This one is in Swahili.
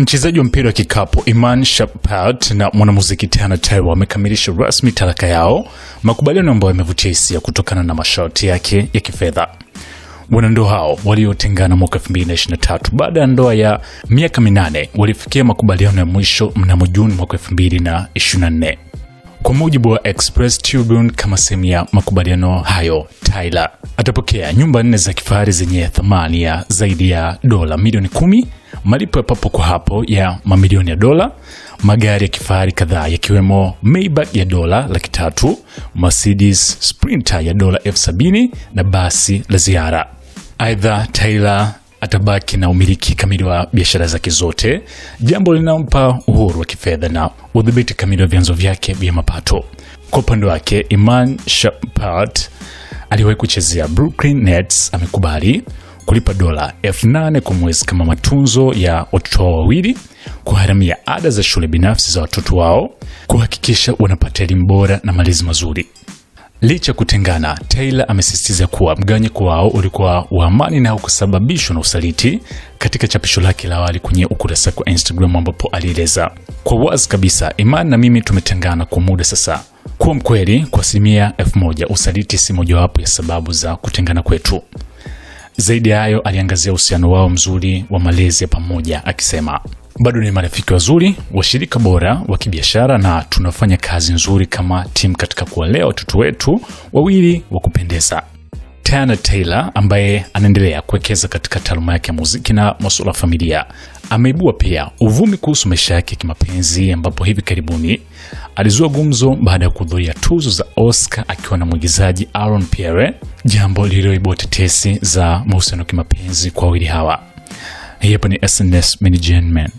Mchezaji wa mpira wa kikapu Iman Shumpert na mwanamuziki Tana Taylor wamekamilisha rasmi talaka yao, makubaliano ambayo yamevutia hisia kutokana na masharti yake ya kifedha. Wanandoa hao waliotengana mwaka 2023 baada ya ndoa ya miaka minane walifikia makubaliano ya mwisho mnamo Juni mwaka 2024. Kwa mujibu wa Express Tribune, kama sehemu ya makubaliano hayo, Taylor atapokea nyumba nne za kifahari zenye thamani ya zaidi ya dola milioni kumi malipo ya papo kwa hapo ya mamilioni ya dola, magari ya kifahari kadhaa yakiwemo Maybach ya dola laki tatu, Mercedes Sprinter ya dola elfu sabini na basi la ziara. Aidha, Taylor atabaki na umiliki kamili wa biashara zake zote, jambo linalompa uhuru wa kifedha na udhibiti kamili wa vyanzo vyake vya mapato. Kwa upande wake, Iman Shepard aliwahi kuchezea Brooklyn Nets amekubali kulipa dola elfu kwa mwezi kama matunzo ya watoto wao wawili, kugharamia ada za shule binafsi za watoto wao, kuhakikisha wanapata elimu bora na malezi mazuri. Licha ya kutengana, Taylor amesisitiza kuwa mgawanyiko wao ulikuwa wa amani na haukusababishwa na usaliti, katika chapisho lake la awali kwenye ukurasa wa Instagram ambapo alieleza kwa wazi kabisa, Iman na mimi tumetengana kwa muda sasa. Kuwa mkweli kwa asilimia elfu moja, usaliti si mojawapo ya sababu za kutengana kwetu. Zaidi ya hayo, aliangazia uhusiano wao mzuri wa malezi ya pamoja akisema bado ni marafiki wazuri, washirika bora wa kibiashara na tunafanya kazi nzuri kama timu katika kuwalea watoto wetu wawili wa kupendeza. Tana Taylor ambaye anaendelea kuwekeza katika taaluma yake ya muziki na masuala ya familia, ameibua pia uvumi kuhusu maisha yake ya kimapenzi, ambapo hivi karibuni alizua gumzo baada ya kuhudhuria tuzo za Oscar akiwa na mwigizaji Aaron Pierre, jambo lililoibua tetesi za mahusiano kimapenzi kwa wawili hawa. Hii ni SNS Management.